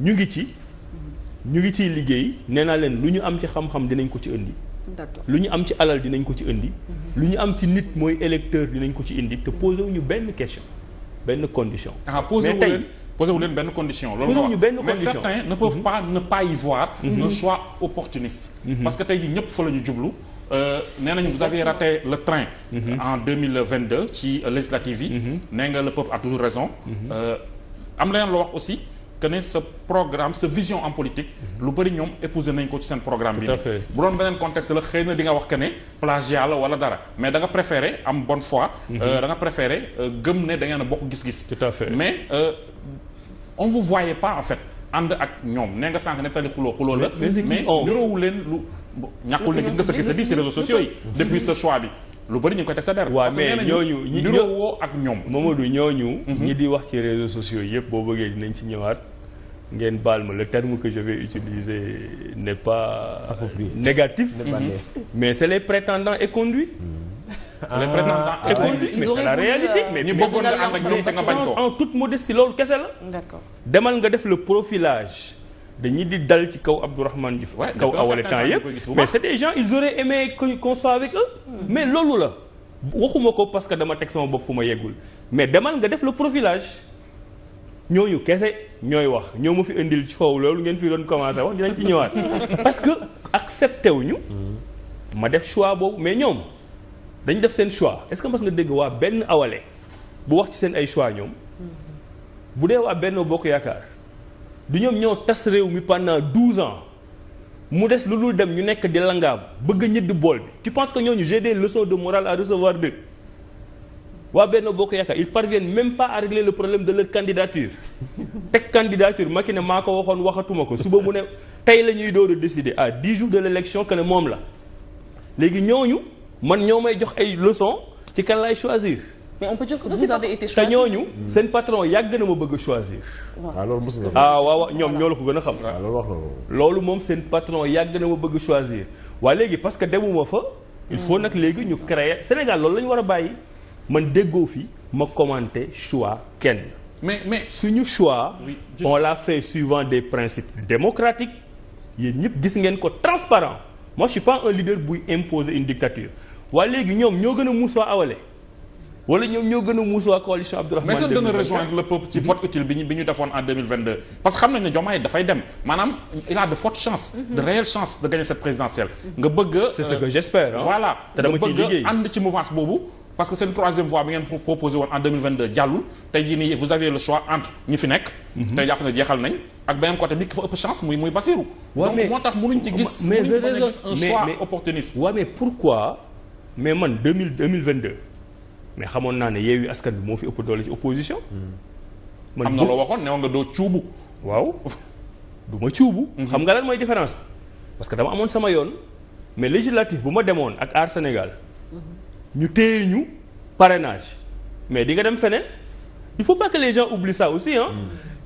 ñu ngi ci ñu ngi ciy liggéey nee naa leen lu ñu am ci xam-xam dinañ ko ci indi lu ñu am ci alal dinañ ko ci indi mhm. lu ñu am ci nit mooy électeur dinañ ko ci indi te posé ñu benn question benn condition ah, mais tey posé wu leen benn condition loolu ñu benn condition mais certains ne peuvent mhm. pas ne pas y voir mhm. un parce que tey jii ñëpp fa la ñu jublu euh, nee nañ vous avez raté le train en 2022 ci législative yi nee nga le peuple a toujours raison euh, am na leen loo wax aussi que ne sa programme sa vision en politique. lu bëri ñoom épouser nañ ko ci seen programme bi. bu doon beneen contexte la xëy na di nga wax que ne plagiat la wala dara mais danga nga préféré am bonne foi. Mhm. Euh, da nga préféré euh, ne da ngeen a bokk gis-gis. tout à mais euh, on vous voyait pas en fait. ànd ak ñoom nee nga sànq ne tali xuloo xuloo la. mais niroowu leen lu. ñàkkul ne gis nga sa gis di si réseaux sociaux yi. depuis ce choix bi lu bëri ñu ngi koy teg sa der. waaw mais ñooñu ñi niroowoo ak ñoom. Mamadou ñooñu. Mhm. ñi di wax ci réseaux sociaux yëpp boo bëggee dinañ ci ñëwaat. ngeen baal ma le terme que je vais utiliser n'est pas négatif mm -hmm. mais c'est les prétendants éconduits ah, les prétendants éconduits ah. mais la réalité euh, mais ñu bëggoon nga ànd ak ñoom nga bañ ko en toute modestie loolu kese la d'accord demal nga def le profilage dañuy di dal ci kaw Abdourahmane Diouf kaw awale temps yëpp mais c'est des gens ils auraient aimé qu'on soit avec eux hmm. mais loolu la waxuma ko parce que dama teg sama bopp fu ma yeggul mais demal nga def la profilage ñooñu kese ñooy wax ñoo ma fi indil ci foofu loolu ngeen fi doon commencé wax dinañ ci ñëwaat parce que accepté ñu ma def choix boobu mais ñoom dañ def seen choix est-ce que mas nga dégg waa benn awale bu wax ci seen ay choix ñoom mm-hmm. bu dee waa Benno Bokk Yaakaar du ñoom ñoo tas réew mi pendant douze ans mu des lu dul dem ñu nekk di langaam bëgg a ñëdd bool bi tu penses que ñooñu j'ai des leçons de morale à recevoir d'eux waa Benno Bokk Yaakaar ils parviennent même pas à régler le problème de leur candidature teg candidature Macky ne maa ko waxoon waxatuma ko suba mu ne tey la ñuy door a décider à dix jours de l' élection que ne moom la léegi ñooñu man ñoo may jox ay leçons ci kan laay choisir. mais on peut dire que vous avez été choisi te ñooñu. Mm. seen patron yàgg na ma bëgg a choisir. waaw ah, loolu ah waaw ñoom ñoo la ko gën a xam. Ah, loolu wax loolu moom seen patron yàgg na ma bëgg choisir waa léegi parce que demuma fa. il faut nag léegi ñu créer Sénégal loolu la ñu war a bàyyi. man déggoo fi ma commenter choix kenn. mais mais suñu choix. Oui, juste... on l'a fait suivant des principes démocratiques yéen ñëpp gis ngeen ko transparent moi je suis pas un leader buy imposer une dictature waaye léegi ñoom ñoo gën a muusoo awale wala ñoom ñoo gën a muus waa coalition Abdourahmane mais dana rejoindre le peuple ci vote utile bi ñu bi ñu defoon en 2022 parce que xam nañ ne Diomaye dafay dem maanaam il a de fortes chances de réelles chances de gagner cette présidentielle nga bëgg a c'est ce ànd ci mouvance boobu parce que seen troisième voie bi ngeen proposé woon en 2022 jàllul tey jii nii vous avez le choix entre ñi fi nekk mhm. tey jàpp na jeexal nañ ak beneen côté bi ki fa ëpp chance muy muy Bassirou donc moo tax mënuñ ci gis mënuñ ci un choix opportuniste waaw mais pourquoi mais man 2000 2022 mais xamoon naa ne Yewwi Askan Wi moo fi ëpp doole ci opposition hmm. man xam na loo waxoon ne woon nga doo cuubu waaw du ma cuubu mhm. xam nga lan mooy différence parce que dama amoon sama yoon mais législatif bu ma demoon ak Aar Sénégal mhm. ñu téye ñu parrainage mais di nga dem feneen il faut pas que les gens oublient ça aussi ah.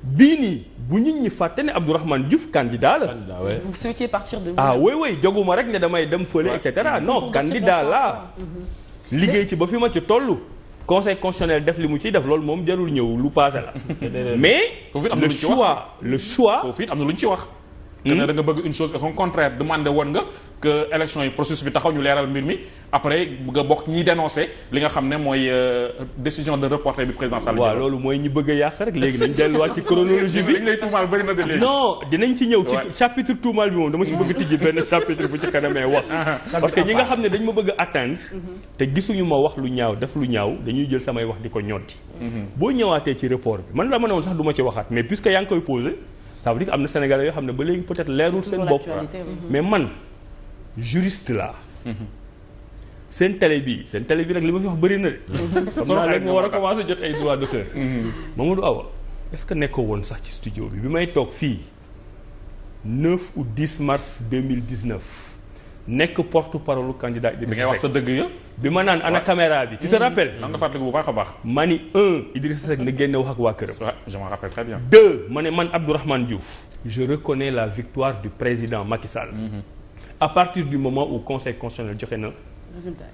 bii nii bu nit ñi fàtte ne Abdourahmane Diouf candidat la. candidat oui. vous souhaitiez partir de. ah oui oui joguma rek ne damay dem fële et non candidat la liggéey mm-hmm. ci ba fi ma ci toll. conseil constitutionnel def li mu ciy def loolu moom jarul ñëw lu paase la. mais. le choix le choix. am na lu ñu ci wax. te hmm? ne da nga bëgg une chose et son contraire demandé woon nga que élection yi processus bi taxaw ñu leeral mbir mi après nga bokk ñiy dénoncé li nga xam ne mooy euh, décision de reporter bi président Sall. waaw loolu mooy a yàq rek léegi nañ delluwaat ci chronologie bi. dañ lay tuumaal bëri dinañ ci ñëw ci chapitre tuumaal bi moom dama ci bëgg tijji benn chapitre bu ci kanamee wax. Uh-huh. parce ñi nga xam ne dañ ma bëgg a atteindre. Mm-hmm. te gisuñu ma wax lu ñaaw def lu ñaaw dañuy jël samay wax di ko ñoddi. Mm-hmm. boo ñëwaatee ci report bi man la ma ne woon sax du ci waxaat mais puisque yaa ngi ça veut dire am na sénégal yoo xam ne ba léegi peut-être leerul seen bopp mais man jurist la seen télé bi seen télé bi rek li ma fi wax bëri na de sono rek ma war a commencer jot ay droit d'auteur mhm. Mamadou Awa est-ce que nekkoo woon sax ci studio bi bi may toog fii 9 ou 10 mars 2019 nekk porte-parole candidat Idrissa Seck ngay wax sa dëgg ya bi ma naan ana caméra bi. tu te mm-hmm. rappelles. na nga fàttaliku bu baax a baax. ma ni un Idrissa na génne wax ak waa këram. je m'en rappelle très bien. deux ma ne man Abdourahmane Diouf. je reconnais la victoire du président Macky Sall. Mm-hmm. à partir du moment où conseil constitutionnel joxe na.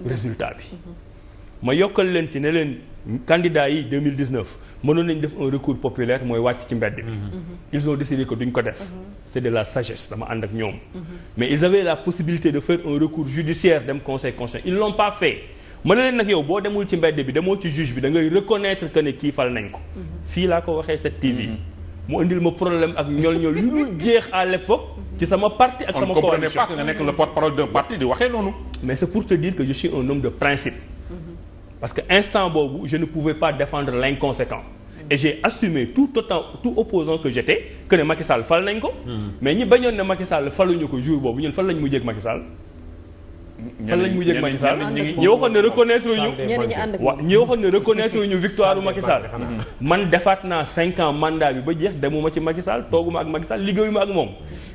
résultat bi. Mm-hmm. ma yokkal leen ci ne leen candidats yi 2019 mënoon nañ def un recours populaire mooy wàcc ci mbedd bi mhm. ils ont décidé que duñ ko def mhm. c'est de la sagesse dama ànd ak ñoom mhm. mais ils avaient la possibilité de faire un recours judiciaire dem conseil constitutionnel ils l'ont pas fait mën na leen nag yow boo demul ci mbedd bi demoo ci juge bi da ngay reconnaître que ne kii fal nañ ko fii laa ko waxee cette TV mu indil ma problème ak ñool ñool yu dul jeex à l'époque ci sama parti ak sama coalition parce que instant boobu jeune ne pouvais pas défendre l'inconséquent et j'ai assumé tout autant tout opposant que j'étais que ne Macky fal nañ ko hmm. mais ñi bañoon ne Macky Sall faluñu ko jour boobu ñun fan lañ mujjee ak Macky Sall fan lañ mujjee ak Macky Sall ñi waxoon ne reconnaître ñu waaw ñi waxoon ne reconnaître ñu victoire Macky Sall man defaat naa cinq ans mandat bi ba jeex demuma ci Macky Sall tooguma ak Macky Sall liggéeyuma ak moom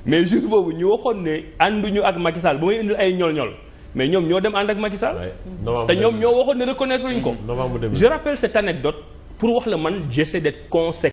mais jour boobu ñi waxoon ne ànduñu ak Macky Sall ba may indil ay ñol-ñol mais ñoom ñoo dem ànd ak Macky Sall te ñoom ñoo waxoon ne reconnaître ñu ko je rappelle cette anecdote pour wax la man j'essaie d'être conséquent